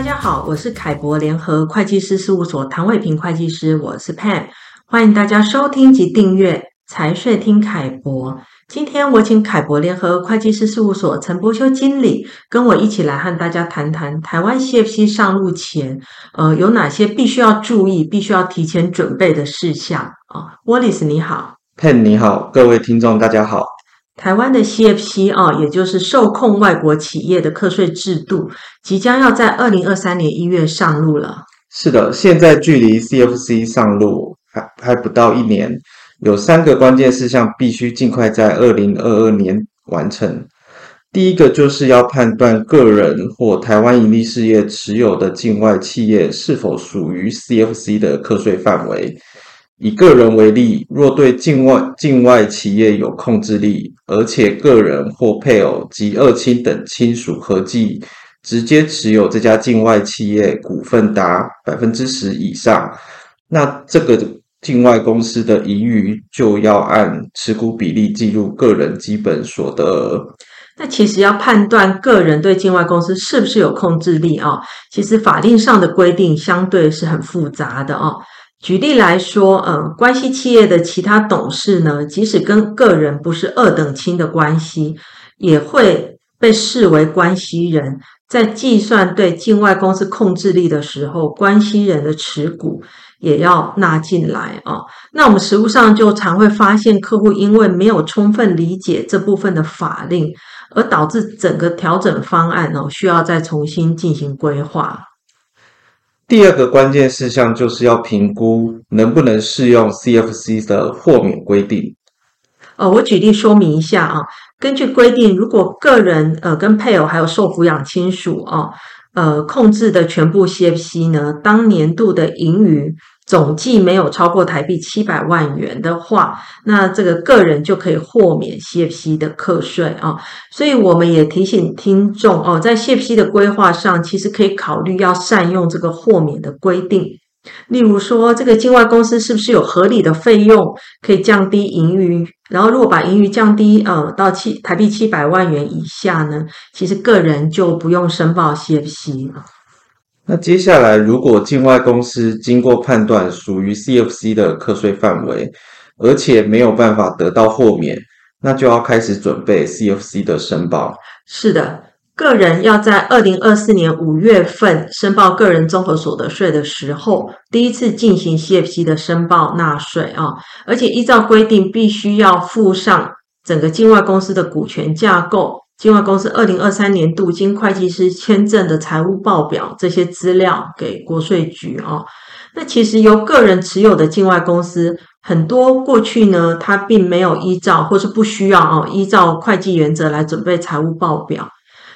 大家好，我是凱博聯合會計師事務所唐偉平會計師，我是 Pan，歡迎大家收聽及訂閱財稅聽凱博。今天我請凱博聯合會計師事務所陳伯修經理跟我一起來和大家談談台灣 CFC 上路前，呃，有哪些必須要注意、必須要提前準備的事項啊，uh，Wallis 你好，Pan 你好，各位聽眾大家好。台灣的 CFC 啊、哦，也就是受控外國企業的課稅制度，即將要在二零二三年一月上路了。是的，現在距離 CFC 上路還還不到一年，有三個關鍵事項必須儘快在二零二二年完成。第一個就是要判斷個人或台灣營利事業持有的境外企業是否屬於 CFC 的課稅範圍。以個人為例，若對境外境外企業有控制力，而且個人或配偶及二親等親屬合計直接持有這家境外企業股份達百分之十以上，那這個境外公司的盈餘就要按持股比例計入個人基本所得額。那其實要判斷個人對境外公司是不是有控制力啊、哦，其實法令上的規定相對是很複雜的哦。舉例來說，呃、嗯，關係企業的其他董事呢，即使跟個人不是二等親的關係，也會被視為關係人，在計算對境外公司控制力的時候，關係人的持股也要納進來哦。那我們實務上就常會發現，客戶因為沒有充分理解這部分的法令，而導致整個調整方案哦，需要再重新進行規劃。第二個關鍵事項就是要評估能不能適用 CFC 的豁免規定。哦，我舉例說明一下啊。根據規定，如果個人呃跟配偶還有受扶養親屬啊，呃控制的全部 CFC 呢，當年度的盈餘。總計沒有超過台幣七百萬元的話，那這個個人就可以豁免 CFC 的課稅啊。所以我們也提醒聽眾哦，在 CFC 的規劃上，其實可以考慮要善用這個豁免的規定。例如說，這個境外公司是不是有合理的費用可以降低盈餘？然後如果把盈餘降低、啊，呃，到七台幣七百萬元以下呢，其實個人就不用申報 CFC 了。那接下來，如果境外公司經過判斷屬於 CFC 的課稅範圍，而且沒有辦法得到豁免，那就要開始準備 CFC 的申報。是的，個人要在二零二四年五月份申報個人綜合所得稅的時候，第一次進行 CFC 的申報納稅啊，而且依照規定，必須要附上整個境外公司的股權架構。境外公司二零二三年度經會計師簽證的財務報表，這些資料給國稅局哦、啊，那其實由個人持有的境外公司很多過去呢，他並沒有依照或是不需要哦、啊、依照會計原則來準備財務報表。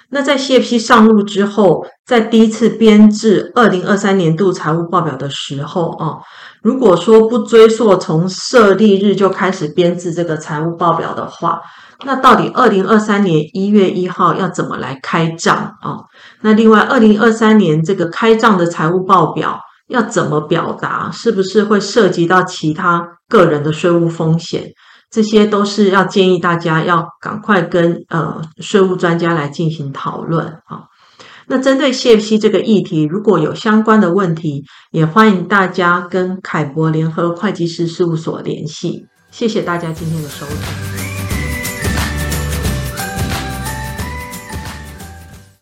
那在 CFC 上路之後，在第一次編製二零二三年度財務報表的時候哦、啊，如果說不追溯從設立日就開始編製這個財務報表的話。那到底二零二三年一月一號要怎麼來開賬啊？那另外二零二三年這個開賬的財務報表要怎麼表達？是不是會涉及到其他個人的稅務風險？這些都是要建議大家要趕快跟呃稅務專家來進行討論啊。那針對 CFC 這個議題，如果有相關的問題，也歡迎大家跟凱博聯合會計師事務所聯繫。謝謝大家今天的收聽。